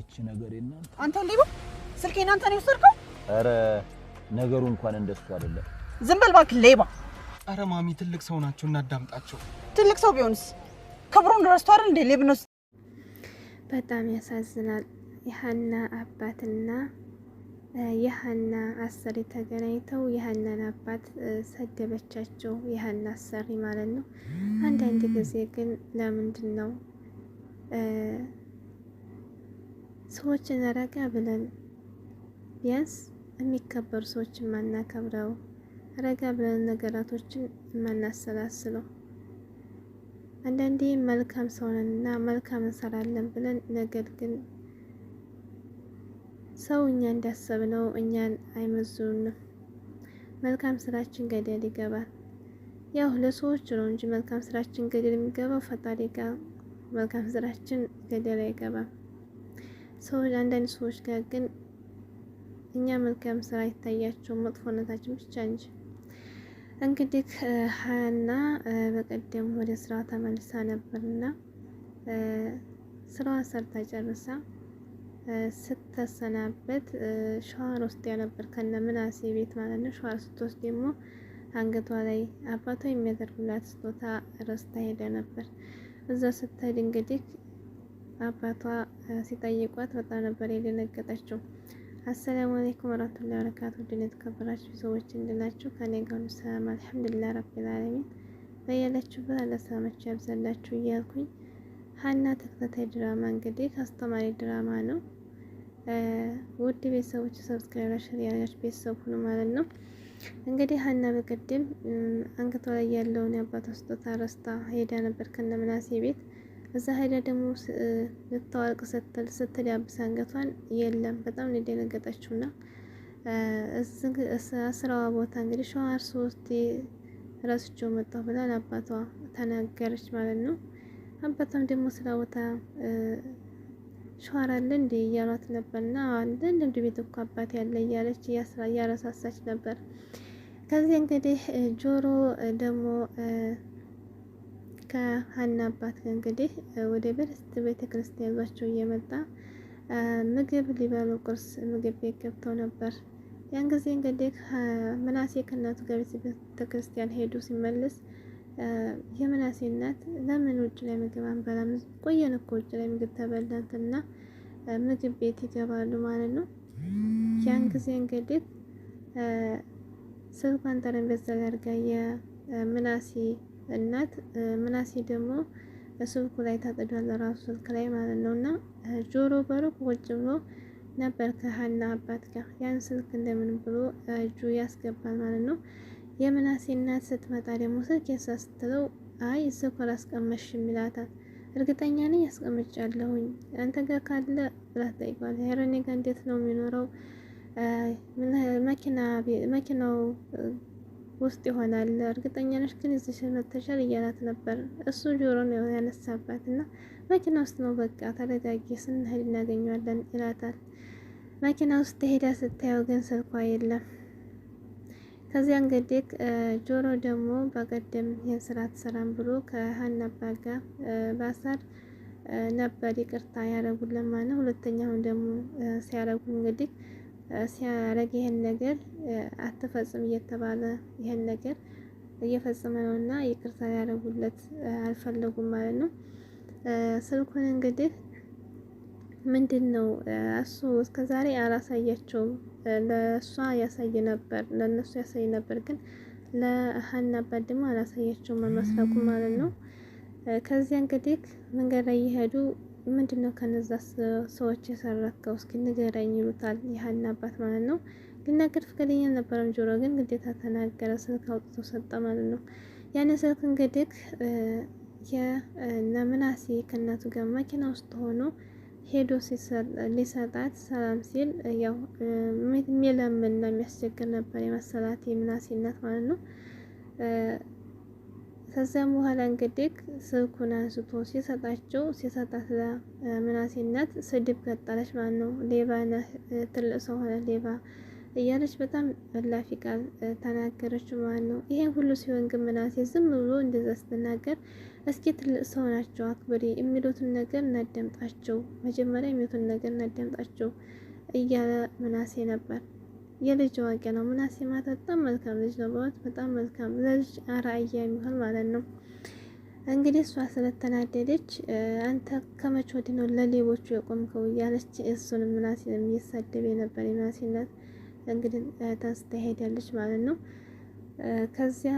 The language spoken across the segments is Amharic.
እቺ ነገር የለም። አንተ ሊቦ ስልኬን አንተ ነው የወሰድከው? አረ ነገሩ እንኳን እንደሱ አይደለም። ዝም በል እባክህ ሌባ። አረ ማሚ ትልቅ ሰው ናቸው እናዳምጣቸው። ትልቅ ሰው ቢሆንስ ክብሩን ረስቶ አይደል እንዴ ሌብነስ። በጣም ያሳዝናል። የሀና አባትና የሀና አሰሪ ተገናኝተው የሀናን አባት ሰደበቻቸው። የሀና አሰሪ ማለት ነው። አንዳንድ ጊዜ ግን ለምንድን ነው ሰዎችን ረጋ ብለን ቢያንስ የሚከበሩ ሰዎችን የማናከብረው ረጋ ብለን ነገራቶችን የማናሰላስለው አንዳንዴ መልካም ሰው መልካም እንሰራለን ብለን ነገር ግን ሰው እኛ እንዳሰብነው እኛን አይመዝኑንም። መልካም ስራችን ገደል ይገባል። ያው ለሰዎች ነው እንጂ መልካም ስራችን ገደል የሚገባው ፈጣሪ ጋር መልካም ስራችን ገደል አይገባም። ሰዎች አንዳንድ ሰዎች ጋር ግን እኛ መልካም ስራ ይታያቸው መጥፎነታችን ብቻ እንጂ። እንግዲህ ሀያና በቀደም ወደ ስራ ተመልሳ ነበርና ስራዋ ሰርታ ጨርሳ ስተሰናበት ሸዋር ውስጥ ያነበር ከነ ምናሴ ቤት ማለት ነው። ሸዋር ስትወስድ ደግሞ አንገቷ ላይ አባቷ የሚያደርጉላት ስጦታ ረስታ ሄደ ነበር። እዛ ስትሄድ እንግዲህ አባቷ ሲጠይቋት በጣም ነበር የደነገጠችው። አሰላሙ አለይኩም ወራህመቱላሂ ወበረካቱ ድን የተከበራችሁ ሰዎች እንድናችሁ ከኔ ጋር ሰላም አልሐምዱሊላህ ረቢል ዓለሚን በያላችሁበት አለሰማችሁ ያብዛላችሁ እያልኩኝ ሀና ተከታታይ ድራማ እንግዲህ አስተማሪ ድራማ ነው። ውድ ቤተሰቦች ሰብስክራይብ፣ ሼር ያደርጋችሁ ቤተሰብ ሁኑ ማለት ነው። እንግዲህ ሀና በቅድም አንገቷ ላይ ያለውን የአባቷ ስጦታ ረስታ ሄዳ ነበር ከነምናሴ ቤት እዛ ሄዳ ደግሞ ልታወልቅ ስትል ስትል ያብስ አንገቷን የለም። በጣም ነው ና እና ስራዋ ቦታ እንግዲህ ሸዋር ሶስት ረስቼው መጣሁ ብላ ለአባቷ ተናገረች ማለት ነው። አባቷም ደግሞ ስራ ቦታ ሸዋር አለ እንዴ እያሏት ነበርና አለ እንደ ቤት እኮ አባት ያለ እያለች እያስራ እያረሳሳች ነበር። ከዚህ እንግዲህ ጆሮ ደግሞ ከሀና አባት እንግዲህ ወደ በርስት ቤተ ክርስቲያን ይዟቸው እየመጣ ምግብ ሊበሉ ቁርስ ምግብ ቤት ገብተው ነበር። ያን ጊዜ እንግዲህ ምናሴ ከእናቱ ጋር ቤተ ክርስቲያን ሄዱ። ሲመልስ የምናሴ እናት ለምን ውጭ ላይ ምግብ አንበላም? ቆየን እኮ ውጭ ላይ ምግብ ተበላንትና ምግብ ቤት ይገባሉ ማለት ነው። ያን ጊዜ እንግዲህ ስልኳን ጠረጴዛ ላይ አድርጋ የምናሴ እናት ምናሴ ደግሞ ስልኩ ላይ ታጠዷል፣ ራሱ ስልክ ላይ ማለት ነው። እና ጆሮ በሩቅ ቁጭ ብሎ ነበር ከሀና አባት ጋር ያን ስልክ እንደምን ብሎ እጁ ያስገባል ማለት ነው። የምናሴ እናት ስትመጣ ደግሞ ስልክ ያሳስትለው አይ ስልኩ አላስቀመጥሽም ይላታል። እርግጠኛ ነኝ ያስቀምጫለሁኝ አንተ ጋር ካለ ብላት ጠይቋል። ሄረኔ ጋር እንዴት ነው የሚኖረው መኪናው ውስጥ ይሆናል። እርግጠኛ ነሽ ግን እዚህ መተሻል እያላት ነበር። እሱ ጆሮን ያነሳባት እና መኪና ውስጥ ነው በቃ ተረጋጊ፣ ስንሄድ እናገኘዋለን ይላታል። መኪና ውስጥ ሄዳ ስታየው ግን ስልኳ የለም። ከዚያ እንግዲህ ጆሮ ደግሞ በቀደም ይህን ስራ ትሰራም ብሎ ከሀናባ ጋር ባሳር ነበር ይቅርታ ያደረጉልን ማለት ሁለተኛውን ደግሞ ሲያደረጉ እንግዲህ ሲያረግ ይህን ነገር አትፈጽም እየተባለ ይህን ነገር እየፈጸመ ነው እና ይቅርታ ያደረጉለት አልፈለጉም ማለት ነው። ስልኩን እንግዲህ ምንድን ነው እሱ እስከዛሬ አላሳያቸውም። ለእሷ ያሳይ ነበር፣ ለእነሱ ያሳይ ነበር፣ ግን ለሀና አባት ደግሞ አላሳያቸውም ማለት ነው። ከዚያ እንግዲህ መንገድ ላይ እየሄዱ ምንድን ነው ከነዛ ሰዎች የሰረከው እስኪ ንገረኝ ይሉታል። ይህን አባት ማለት ነው። ሊናገር ፈቃደኛ አልነበረም። ጆሮ ግን ግዴታ ተናገረ። ስልክ አውጥቶ ሰጠ ማለት ነው። ያን ስልክ እንግዲህ የነምናሴ ከእናቱ ጋር መኪና ውስጥ ሆኖ ሄዶ ሊሰጣት ሰላም ሲል ያው ነው የሚያስቸግር ነበር የመሰላት የምናሴ እናት ማለት ነው። ከዚያም በኋላ እንግዲህ ስልኩን አንስቶ ሲሰጣቸው ሲሰጣት ምናሴነት ስድብ ቀጠለች ማለት ነው። ሌባ ነህ፣ ትልቅ ሰው ሆነ ሌባ እያለች በጣም በላፊ ቃል ተናገረች ማለት ነው። ይሄን ሁሉ ሲሆን ግን ምናሴ ዝም ብሎ እንደዛ ስትናገር እስኪ ትልቅ ሰው ናቸው አክብሪ፣ የሚሉትን ነገር እናደምጣቸው፣ መጀመሪያ የሚሉትን ነገር እናደምጣቸው እያለ ምናሴ ነበር። የልጅ ወግ ነው። ምናሴ ማለት በጣም መልካም ልጅ ነው። በእውነት በጣም መልካም ለልጅ አራያ የሚሆን ማለት ነው። እንግዲህ እሷ ስለተናደደች አንተ ከመቼ ወዲህ ነው ለሌቦቹ የቆምከው እያለች እሱን ምናሴ እየሳደበ የነበር የምናሴነት እንግዲህ ታስተሄዳለች ማለት ነው። ከዚያ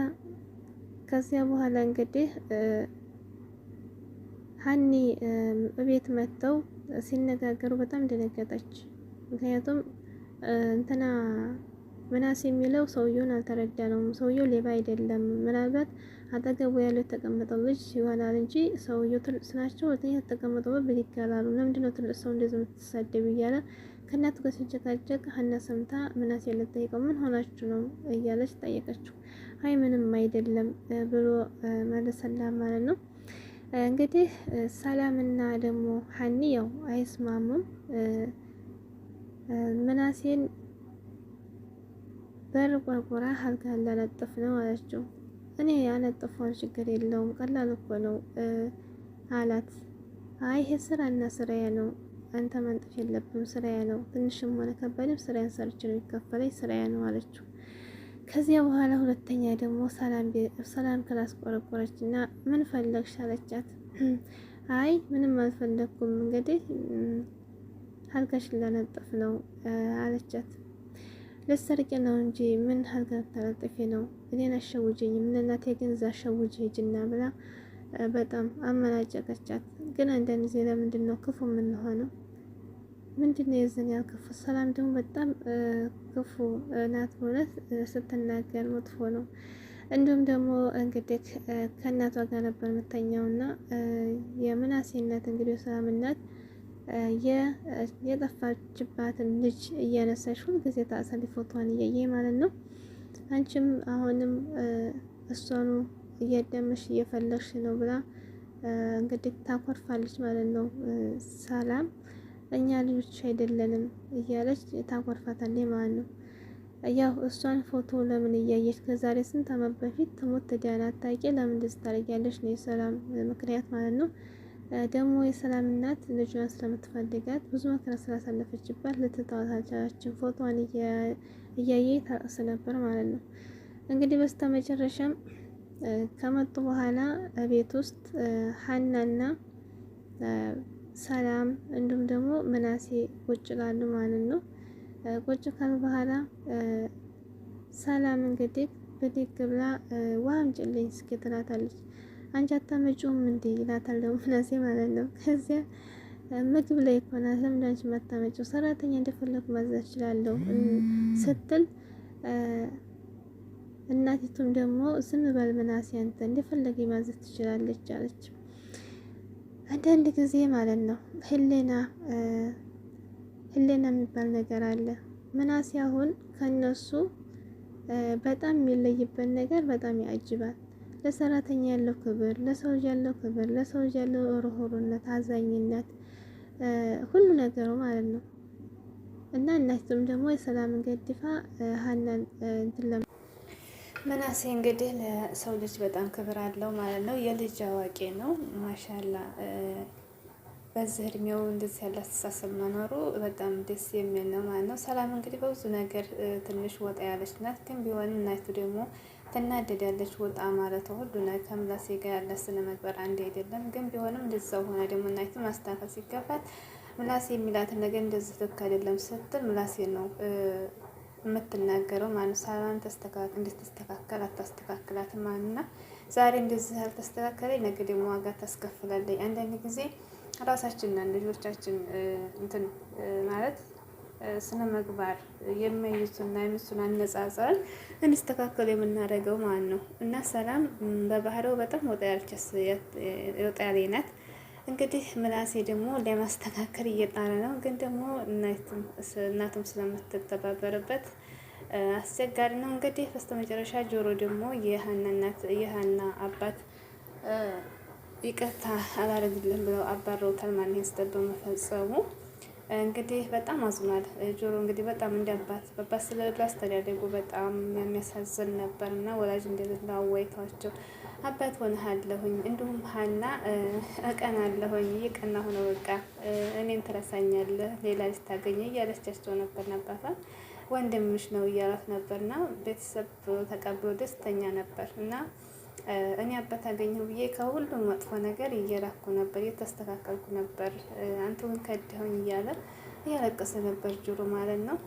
ከዚያ በኋላ እንግዲህ ሀኒ እቤት መጥተው ሲነጋገሩ በጣም ደነገጠች። ምክንያቱም እንትና ምናስ የሚለው ሰውየውን ነው። ሰውየው ሌባ አይደለም። ምናልባት አጠገቡ ያለው የተቀመጠው ልጅ ይሆናል እንጂ ሰውየው ትልቅ ስናቸው ወደኛ ተቀመጠው ብል ይገላሉ። ለምንድን ነው ትልቅ ሰው እንደዚህ የምትሳደብ እያለ ከእናቱ ጋር ሲጨቃጨቅ ሀና ሰምታ ምናስ ልጠይቀው ምን ሆናችሁ ነው እያለች ጠየቀችው። አይ ምንም አይደለም ብሎ መለሰላ ማለት ነው። እንግዲህ ሰላምና ደግሞ ሀኒ ያው አይስማሙም። ምናሴን በር ቆርቆራ አልጋ ላነጥፍ ነው አለችው። እኔ ያነጠፈውን ችግር የለውም ቀላል እኮ ነው አላት። አይ ይሄ ስራና ስራዬ ነው፣ አንተ መንጠፍ የለብም ስራዬ ነው። ትንሽም ሆነ ከባድም ስራዬን ሰርች ነው የሚከፈለኝ፣ ስራዬ ነው አለችው። ከዚያ በኋላ ሁለተኛ ደግሞ ሰላም ክላስ ቆረቆረች እና ምን ፈለግሽ አለቻት። አይ ምንም አልፈለግኩም እንግዲህ አልጋሽን ላነጥፍ ነው አለቻት። ልትሰርቂ ነው እንጂ ምን አልጋ ልታነጥፊ ነው? እኔን አሸውጅኝ ምን እናቴ ግን እዛ አሸውጅ ሂጂና ብላ በጣም አመናጨቀቻት። ግን አንዳንድ ጊዜ ለምንድን ነው ክፉ የምንሆነው? ምንድን የዝን ያል ክፉ ሰላም ደግሞ በጣም ክፉ ናት። በእውነት ስትናገር መጥፎ ነው። እንዲሁም ደግሞ እንግዲህ ከእናቷ ጋር ነበር የምተኛው እና የምናሴነት እንግዲህ ሰላም እናት የጠፋችባትን ልጅ እያነሳሽ ሁልጊዜ ታሳሊ ፎቶዋን እያየ ማለት ነው። አንቺም አሁንም እሷኑ እያደመሽ እየፈለግሽ ነው ብላ እንግዲህ ታኮርፋለች ማለት ነው። ሰላም እኛ ልጆች አይደለንም እያለች ታኮርፋታለች ማለት ነው። ያው እሷን ፎቶ ለምን እያየች ከዛሬ ስንት ዓመት በፊት ትሞት ትዳን አታውቂ ለምን ላይ ያለች ነው የሰላም ምክንያት ማለት ነው። ደግሞ የሰላም እናት ልጇን ስለምትፈልጋት ብዙ መከራ ስላሳለፈችባት ልትተዋት አልቻለችም። ፎቶዋን እያየ ታቅስ ነበር ማለት ነው። እንግዲህ በስተ መጨረሻም ከመጡ በኋላ ቤት ውስጥ ሀናና ሰላም እንዲሁም ደግሞ ምናሴ ቁጭ ላሉ ማለት ነው። ቁጭ ካሉ በኋላ ሰላም እንግዲህ ብድግ ብላ ውሃ አምጪልኝ እስኪ ትላታለች። አንቺ አታመጪውም እንዴ ይላታል ደግሞ ምናሴ ማለት ነው። ከዚያ ምግብ ላይ እኮ ናት ለምንድን አንቺ የማታመጪው ሰራተኛ እንደፈለጉ ማዘዝ እችላለሁ ስትል እናቲቱም ደግሞ ዝም በል ምናሴ አንተ እንደፈለገ ማዘዝ ትችላለች አለች። አንዳንድ ጊዜ ማለት ነው ህሌና ህሌና የሚባል ነገር አለ። ምናሴ አሁን ከነሱ በጣም የሚለይበት ነገር በጣም ያጅባል። ለሰራተኛ ያለው ክብር፣ ለሰው ልጅ ያለው ክብር፣ ለሰው ልጅ ያለው ርህሩህነት፣ አዛኝነት ሁሉ ነገሩ ማለት ነው። እና እናቱም ደግሞ የሰላምን ገድፋ ሀናን እንትለ መናሴ እንግዲህ ለሰው ልጅ በጣም ክብር አለው ማለት ነው። የልጅ አዋቂ ነው ማሻላ በዚህ እድሜው እንደዚህ ያለ አስተሳሰብ መኖሩ በጣም ደስ የሚል ነው ማለት ነው። ሰላም እንግዲህ በብዙ ነገር ትንሽ ወጣ ያለች ናት፣ ግን ቢሆን እናቱ ደግሞ ትናደዳለች። ወጣ ማለት ሁሉ ከምላሴ ጋር ያለ ስነ ምግባር አንድ አይደለም። ግን ቢሆንም እንደዛው ሆነ ደግሞ እናቱ ማስተካከል ሲገባት ምላሴ የሚላትን ነገር እንደዚህ ልክ አይደለም ስትል ምላሴ ነው የምትናገረው ማለት ሰላም እንድትስተካከል አታስተካክላትም ማለት ና ዛሬ እንደዚህ ያልተስተካከለ ነገ ደግሞ ዋጋ ታስከፍላለኝ አንዳንድ ጊዜ ራሳችንን ልጆቻችን እንትን ማለት ስነ ምግባር የሚያዩትና የምሱን አነጻጸር እንዲስተካከሉ የምናደርገው ማለት ነው። እና ሰላም በባህሪው በጣም ወጣ ያልቸስ ወጣ ያለ ናት። እንግዲህ ምላሴ ደግሞ ለማስተካከል እየጣረ ነው። ግን ደግሞ እናቱም ስለምትተባበርበት አስቸጋሪ ነው። እንግዲህ በስተመጨረሻ ጆሮ ደግሞ የሀና እናት የሀና አባት ይቅርታ አላረግልን ብለው አባረውታል። ማንን ያስጠበው መፈጸሙ እንግዲህ በጣም አዝኗል። ጆሮ እንግዲህ በጣም እንደ አባት በአባት ስለሌለ አስተዳደጉ በጣም የሚያሳዝን ነበር እና ወላጅ እንደሌለ አዋይቷቸው አባት ሆነሃለሁኝ፣ እንዲሁም ሀና እቀናለሁኝ፣ እየቀና ሆነ በቃ እኔን ትረሳኛለህ፣ ሌላ ልጅ ታገኘ እያለቻቸው ነበር። አባቷን ወንድምሽ ነው እያሏት ነበርና ቤተሰብ ተቀብሎ ደስተኛ ነበር እና እኔ አባት አገኘሁ ብዬ ከሁሉም መጥፎ ነገር እየራኩ ነበር፣ እየተስተካከልኩ ነበር። አንተውን ከድኸኝ እያለ እያለቀሰ ነበር ጆሮ ማለት ነው።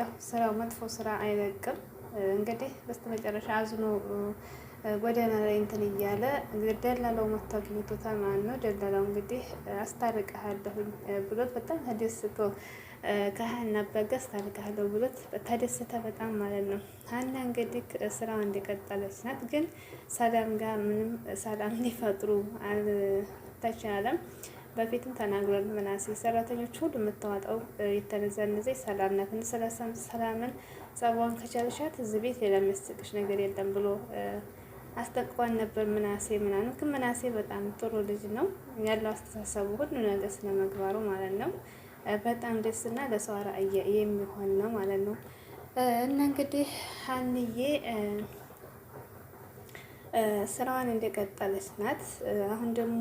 ያው ስራው መጥፎ ስራ አይለቅም። እንግዲህ በስተመጨረሻ አዝኖ ጎዳና ላይ እንትን እያለ ደላላው መጥቶ አግኝቶታል ማለት ነው። ደላላው እንግዲህ አስታርቅሃለሁኝ ብሎት በጣም ተደስቶ ከሀና በጋ አስታርቅሃለሁ ብሎት ተደስተ በጣም ማለት ነው። ሀና እንግዲህ ስራው እንደቀጠለች ናት። ግን ሰላም ጋር ምንም ሰላም ሊፈጥሩ አልተቻለም። በፊትም ተናግሯል ምናሴ ሰራተኞች ሁሉ የምታወጣው የተነዘነዘ ሰላም ናት። ሰላምን ጸባዋን ከቻለሻት እዚህ ቤት ሌላ የሚያስቅሽ ነገር የለም ብሎ አስጠንቅቋን ነበር ምናሴ ምናምን። ግን ምናሴ በጣም ጥሩ ልጅ ነው ያለው አስተሳሰቡ ሁሉ ነገር መግባሩ ማለት ነው። በጣም ደስ እና ለሰው አርአያ የሚሆን ነው ማለት ነው። እና እንግዲህ ሀንዬ ስራዋን እንደቀጠለች ናት። አሁን ደግሞ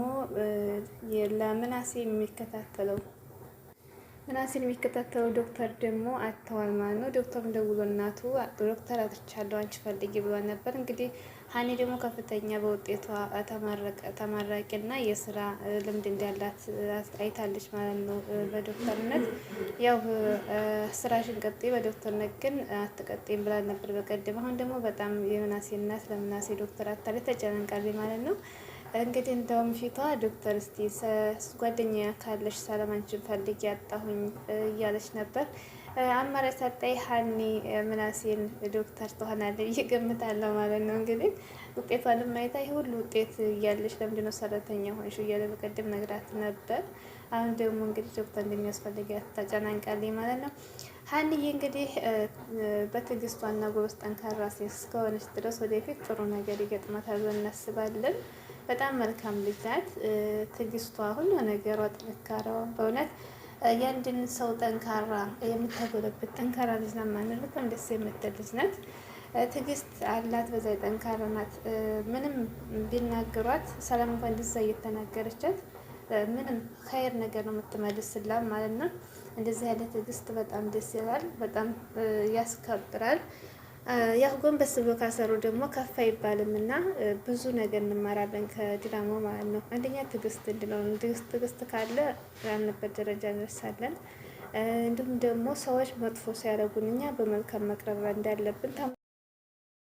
ለምናሴ የሚከታተለው ምናሴን የሚከታተለው ዶክተር ደግሞ አጥተዋል ማለት ነው። ዶክተሩን ደውሎ እናቱ ዶክተር አጥቻለሁ አንቺ ፈልጊ ብሏል ነበር እንግዲህ ሀኒ ደግሞ ከፍተኛ በውጤቷ ተመራቂና የስራ ልምድ እንዳላት አይታለች ማለት ነው። በዶክተርነት ያው ስራሽን ቀጥይ፣ በዶክተርነት ግን አትቀጤም ብላል ነበር በቀደም። አሁን ደግሞ በጣም የምናሴ እናት ለምናሴ ዶክተር አታለ ተጨነቃለች ማለት ነው። እንግዲህ እንደውም ፊቷ ዶክተር እስቲ ጓደኛ ካለሽ ሰላም አንቺን ፈልጌ ያጣሁኝ እያለች ነበር። አማራጭ ሳጣይ ሀኒ ምናሴን ዶክተር ትሆናለች ብዬ እገምታለሁ ማለት ነው። እንግዲህ ውጤቷንም ማየታ ይህ ሁሉ ውጤት እያለች ለምንድነው ሰራተኛ ሆንሽ እያለ በቀደም ነግራት ነበር። አሁን ደግሞ እንግዲህ ዶክተር እንደሚያስፈልጋት ተጨናንቃለች ማለት ነው። ሀኒዬ እንግዲህ በትዕግስቷና ጎበዝ ጠንካራ ሴት እስከሆነች ድረስ ወደፊት ጥሩ ነገር ይገጥማታል ብለን እናስባለን። በጣም መልካም ልጅ ናት። ትዕግስቷ ሁሉ ነገሯ፣ ጥንካሬዋ በእውነት የአንድን ሰው ጠንካራ የምታጎለበት ጠንካራ ልጅ ናት። ማንልክ እንደስ የምትል ልጅ ናት። አላት። በዛ ጠንካራ ናት። ምንም ቢናገሯት ሰላም እንኳን እንደዛ እየተናገረቻት ምንም ኸይር ነገር ነው የምትመልስላት ማለት ነው። እንደዚህ ያለ ትግስት በጣም ደስ ይላል። በጣም ያስከብራል። ያው ጎንበስ ብሎ ካሰሩ ደግሞ ከፍ አይባልም እና ብዙ ነገር እንማራለን ከድራማው ማለት ነው። አንደኛ ትዕግስት እንድለውን ትዕግስት ካለ ያልንበት ደረጃ እንደርሳለን። እንዲሁም ደግሞ ሰዎች መጥፎ ሲያደርጉን እኛ በመልካም መቅረብ እንዳለብን